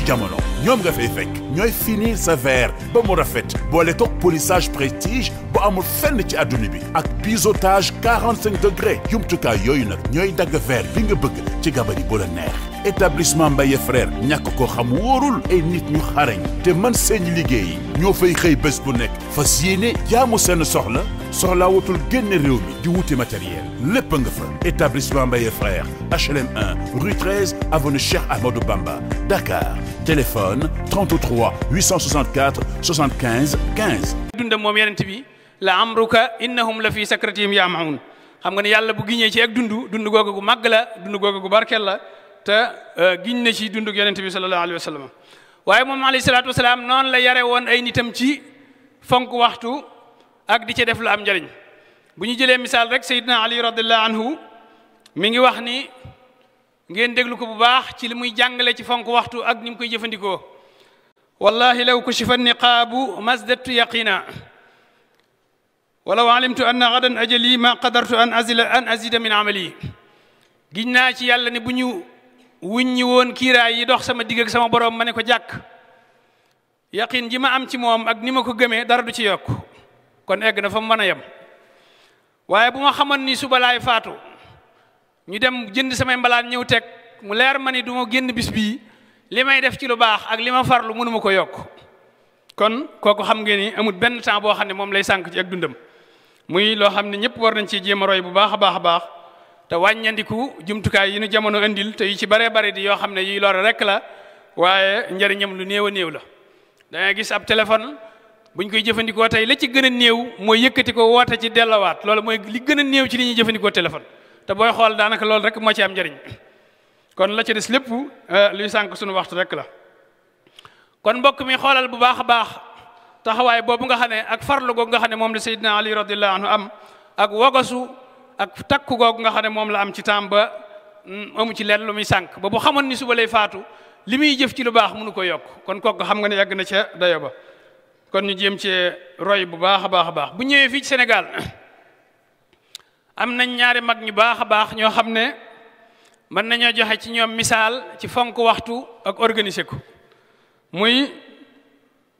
ci jamono ñoom nga fay fekk ñooy finir sa verre ba mu rafet boole toog polissage prestige bu amul fenn ci adduna bi ak biseautage 45 degré jumtukaay yooyu nag ñooy dagg verre bi nga bëgg ci gabari bu la neex établissement Mbaye frère ñàkk ko xam wóorul ay nit ñu xarañ te man seen liggéey ñoo fay xëy bés bu nekk fas yéene jaamu seen soxla soxlaa wutul génne réew mi di wuti matériel lépp nga fa établissement Mbaye frère HLM 1 rue 13 avenue Cheikh Amadou Bamba Dakar téléphone 33 864 75 15. dundam moom yonent la amruka innahum la fi sakratihim yaamaun xam nga ne yàlla bu giñee ci ak dundu dundu googu gu màgg la dundu googu gu barkeel la te euh, giñ na ci dundu yonent bi alayhi wa waaye moom alayhi salaatu wa salaam la yare woon ay nitam ci fonk waxtu ak di ci def lu am njëriñ bu ñu jëlee misaal rek Seydina Ali radiyallahu anhu mi ngi wax ni. ngeen déglu ko bu baax ci li muy jàngale ci fonk waxtu ak ni koy jëfandikoo wallahi law kushifa niqaabu masdattu yaqina walaw alimtu anna gadan ajali ma qadartu an azila an azida min amali giñ naa ci yàlla ne bu ñu wuññi woon kiiraay yi dox sama digg ak sama borom ma ne ko jàkk yaqin ji ma am ci moom ak ni ma ko gëmee dara du ci yokk kon egg na fa mu mën a yem waaye bu ma xamoon ni faatu ñu dem jënd samay mbalaan ñëw teg mu leer ma ni du ma génn bis bii li may def ci lu baax ak li ma farlu mënuma ko yokk kon kooku xam ngeen ni amul benn temps boo xam ne moom lay sànq ci ak dundam muy loo xam ne ñëpp war nañ ci jéem a roy bu baax a baax a baax te wàññandiku jumtukaay yi nu jamono indil te yu ci baree bari di yoo xam ne yuy lore rek la waaye njëriñam lu néew a néew la da ngay gis ab téléphone buñ koy jëfandikoo tey la ci gën a néew mooy yëkkati ko woote ci dellawaat loolu mooy li gën a néew ci li ñuy jëfandikoo téléphone te booy xool daanaka loolu rek moo ci am njariñ kon la ci des lépp euh, luy sànq suñu waxtu rek la kon mbokk mi xoolal bu baax a baax taxawaay boobu nga xam ne ak farlu googu nga xam ne moom la Seydina Ali radiyallahu anhu am ak wogasu ak takku googu nga xam ne moom la am ci temps ba mm, amu ci lenn lu muy sànq ba bu xamoon ni suba lay faatu li muy jëf ci lu baax mënu ko yokk kon kooku xam nga ni yàgg na ca dayo ba kon ñu jéem cee roy bu baax a baax a baax bu ñëwee fii ci Sénégal am nañ ñaari mag ñu baax a baax ñoo xam ne mën nañoo joxe ci ñoom misaal ci fonk waxtu ak organiser ko muy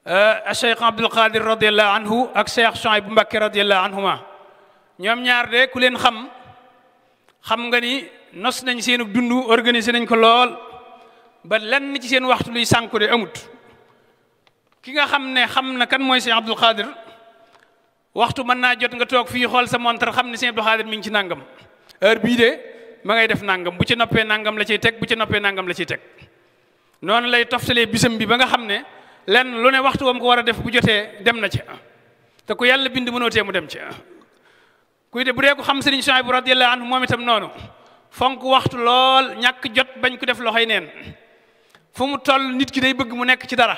euh, cheikh abdul qadir radiallahu anhu ak cheikh Chouaib bu Mbakke radiallahu anhuma ñoom ñaar de ku leen xam xam nga ni nos nañ seen dund organiser nañ ko lool ba lenn ci seen waxtu luy sànku de amut ki nga xam ne xam na kan mooy cheikh abdul waxtu mën naa jot nga toog fii xool sa montre xam ne sëñ Abdou Khadir mi ngi ci nangam heure bii de ma ngay def nangam bu ci noppee nangam la ciy teg bu ci noppee nangam la ciy teg noonu lay toftalee bisam bi ba nga xam ne lenn lu ne waxtu woom ko war a def bu jotee dem na ci te ku yàlla bind mënoo tee mu dem ci kuy de bu dee ko xam sëriñ Suhaybu radiyallahu anhu moom itam noonu fonk waxtu lool ñàkk jot bañ ko def loxoy neen fu mu toll nit ki day bëgg mu nekk ci dara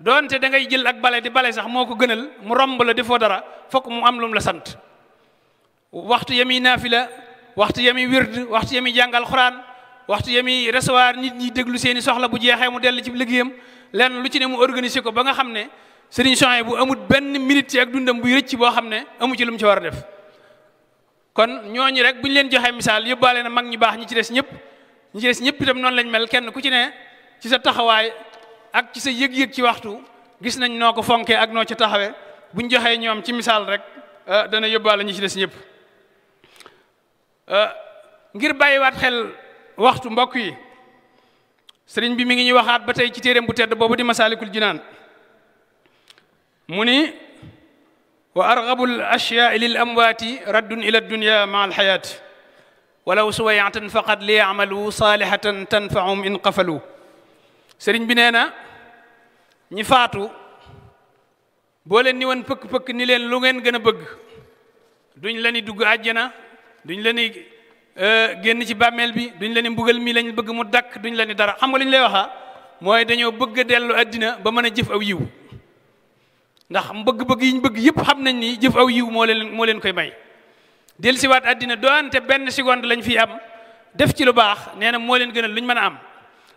doonte da ngay jël ak bale di bale sax moo ko gënal mu romb la defoo dara fokk mu am lu la sant waxtu yemi naafila waxtu yemi wird waxtu yemi jàngal xuraan waxtu yemi recevoir nit ñi déglu seeni soxla bu jeexee mu dell ci liggéeyam lenn lu ci ne mu organiser ko ba nga xam ne Serigne Souhaïbou bu amut benn minute ci ak dundam buy rëcc boo xam ne amu ci lu mu ci war a def kon ñooñu rek bu ñu leen joxee misaal yóbbaale na mag ñi baax ñi ci des ñëpp ñi ci des ñëpp itam noonu lañ mel kenn ku ci ne ci sa taxawaay ak ci sa yëg-yëg ci waxtu gis nañ noo ko fonkee ak noo ci taxawee buñ joxee ñoom ci misaal rek ah, dana yóbbaale ñi ci des ñëpp ah, ngir bàyyiwaat xel waxtu mbokk yi sëriñ bi mi ngi ñuy waxaat ba tey ci téeréem bu tedd boobu di masaalikul jinaan mu ni wa argabu l ashyaai lil amwaati raddun ila dunya ma alxayaati walaw suwayatan faqad li yamalu saalihatan tanfaum in qafalu sëriñ bi nee ñi faatu boo leen ni woon pëkk-pëkk ni leen lu ngeen gën a bëgg duñ la ni dugg àjjana duñ la ni euh, génn ci bàmmeel bi duñ la ni mbugal mi lañu bëgg mu dakk duñ la ni dara xam nga li ñu lay waxa mooy dañoo bëgg dellu addina ba mën a jëf aw yiw ndax bëgg-bëgg yi ñu bëgg yëpp xam nañ ni jëf aw yiw moo leen moo leen koy may dellusiwaat àddina doonte benn seconde lañ fi am def ci lu baax nee na moo leen gënal luñ mën a am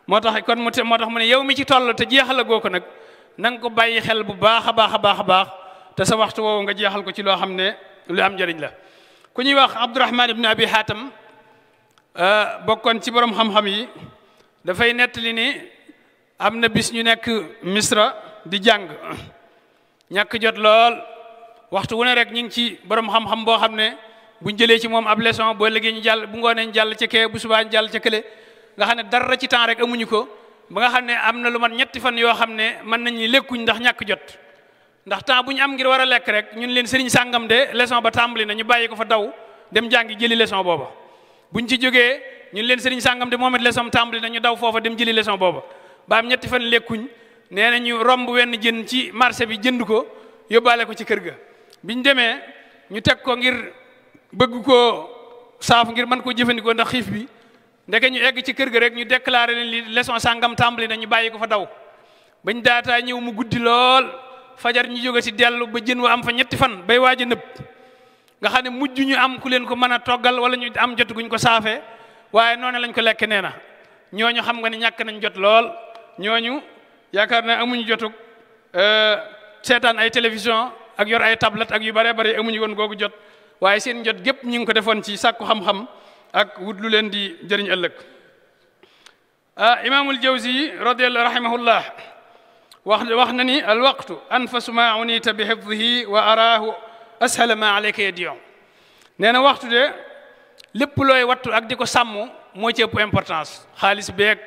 moo tax kon mu te moo ne yow mi ci toll te jeexala goo ko nag nanga ko bàyyi xel bu baax a baax a baax a baax te sa waxtu woowu nga jeexal ko ci loo xam ne lu am njariñ la ku ñuy wax abdurahman ibn abi hatam euh, bokkoon ci borom xam-xam yi dafay nettali ni am na bis ñu nekk misra di jàng ñàkk jot lool waxtu wu ne rek ñu ngi ci borom xam-xam boo xam ne buñ jëlee ci moom ab leçon boo léegi ñu jàll bu ngoonee ñu jàll ca kee bu subaa ñu jàll ca kële nga xam ne dara ci temps rek amuñu ko ba nga xam ne am na lu mat ñetti fan yoo xam ne mën nañu lekkuñ ndax ñàkk jot ndax temps bu ñu am ngir war a lekk rek ñun leen sëriñ sàngam de leçon ba tàmbali na ñu bàyyi ko fa daw dem jàngi jëli leçon booba bu buñ ci jógee ñun leen sëriñ sàngam de moom it leçon tàmbali na ñu daw foofa dem jëli leçon booba ba am ñetti fan lekkuñ nee na ñu romb wenn jën ci marché bi jënd ko yóbbaale ko ci kër ga biñ demee ñu teg ko ngir bëgg koo saaf ngir mën koo jëfandikoo ndax xiif bi ndeke ñu egg ci kër ga rek ñu déclaré leen li leçon sàngam tàmbali na ñu bàyyi ko fa daw bañ daataa ñëw mu guddi lool fajar ñu jóge ci dellu ba jën wa am fa ñetti fan bay waaj a nga xam ne mujj ñu am ku leen ko mën a toggal wala ñu am jot ko saafee waaye noonu lañ ko lekk nee na ñooñu xam nga ne ñàkk nañ jot lool ñooñu yaakaar na amuñu jotug euh, seetaan ay télévision ak yor ay tablette ak yu bare bare amuñu woon googu jot waaye seen jot gépp ñu ngi ko defoon ci sàkku xam ak wut lu leen di jëriñ ëllëg ah imaamul jawzi radiyallahu rahimahullah wax wax na ni al waqtu anfasu ma unita bi xifdihi wa araahu ashala ma alayka yadiyon nee na waxtu de lépp looy wattu ak di ko sàmm moo ci ëpp importance xaalis beeg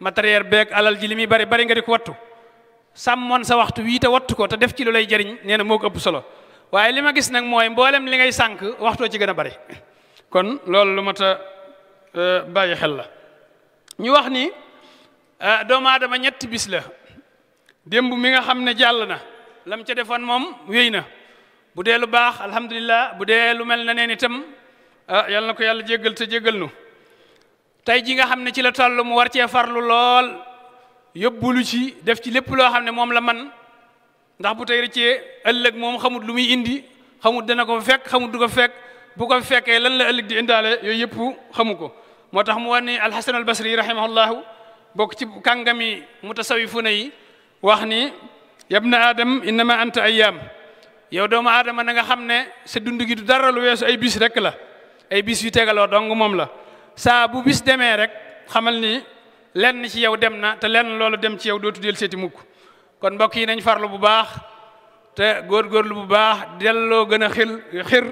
matériel beeg alal ji li muy bari bari nga di ko wattu sàmmoon sa waxtu wii te wattu ko te def ci lu lay jëriñ nee na moo ko ëpp solo waaye li ma gis nag mooy mboolem li ngay sànq waxtoo ci gën a bari kon loolu lu mat a e, xel la ñu wax ni e, doomu aadama ñetti bis la démb mi nga xam ne jàll na lam ca defoon moom wéy na bu dee lu baax alhamdulillah bu dee lu mel na neen itam ah e, yal na ko yàlla jéggal te jéggal nu tey ji nga xam ne ci la toll mu war cee farlu lool yóbbulu ci def ci lépp loo xam ne moom la man ndax bu te rëccee ëllëg moom xamut lu muy indi xamut dana ko fekk xamut du ko fekk bu ko fekkee lan la ëllëg di indaale yooyu yëpp xamu ko moo tax mu wax ni alxasan albasri rahimahullahu bokk ci kàngami mutasawifuna yi wax ni yabna adam innama anta ayyaam yow doomu aadama na nga xam ne se dund gi du dara lu weesu ay bis rek la ay bis yu tegaloo dong moom la saa bu bis demee rek xamal ni lenn ci yow dem na te lenn loolu dem ci yow dootu del seeti mukk kon mbokk yi nañ farlu bu baax te góorgóorlu bu baax delloo gën a xil xir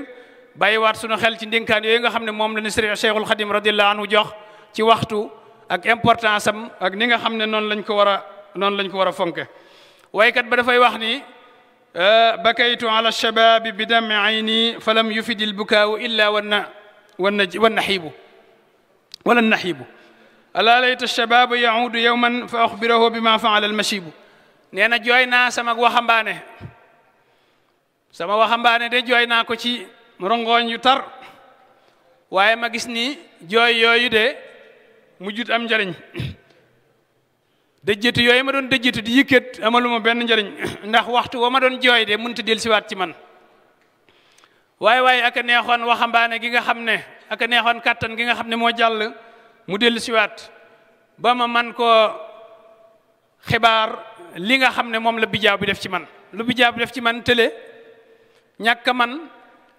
bàyyiwaat sunu xel ci ndénkaan yooyu nga xam ne moom la ni sëriñ Cheikhul Khadim jox ci waxtu ak importance am ak ni nga xam ne noonu lañ ko war a noonu lañ ko war a fonke waykat ba dafay wax ni ah, bakaytu ala shababi bi dami ayni fa lam yufidi lbukaawu illa wanna wanna wannaxiibu wala naxiibu alaa layta shababu yahuudu yowman fa axbirahu bi ma faala almasibu nee na jooy naa sama waxambaane sama waxambaane de jooy ko ci rongoñ yu tar waaye ma gis ni jooy yooyu de mu jut am njariñ dëjjëtu yooyu ma doon dëjjëtu di yëkkat amaluma benn njariñ ndax waxtu wa ma doon jooy de mënut a siwaat ci man waaye waaye aka neexoon waxambaane gi nga xam ne aka neexoon kàttan gi nga xam ne moo jàll mu dellusiwaat ba ma man koo xibaar li nga xam ne moom la bijaaw bi def ci man lu bijaaw bi def ci man tële ñàkk man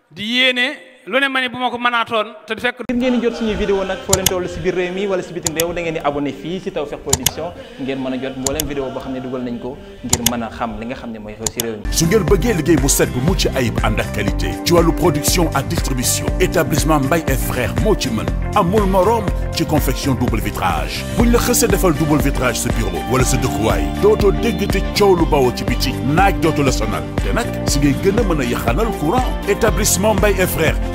di yéene lu ne ma ne bu ma ko mënaatoon te du fekk. ngir ngeen di jot suñuy vidéo nag foo leen toll si biir réew mi wala si bitim réew da ngeen di mën a jot mbooleem vidéo boo xam ne dugal nañ ko ngir mën a xam li nga xam ne mooy xew si réew mi. su ngeen bëggee liggéey bu set bu mucc ayib ànd ak qualité. ci wàllu production ak distribution. établissement Mbaye et frères moo ci mën. amul morom ci confection double vitrage. buñ la xësee defal double vitrage sa bureau. wala sa dëkkuwaay. dootoo dégg te coow lu bawoo ci biti. naaj dootu la sonal. te nag si ngay gën a mën a yaxanal courant. établissement Mbaye et frères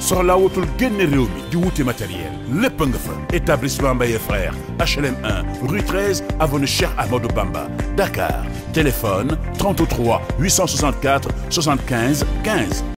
soxlaa wutul génne réew di wuti matériel lépp nga fa établissement Mbaye frère HLM 1 rue 13 avenue Cheikh Amadou Bamba Dakar téléphone 33 864 75 15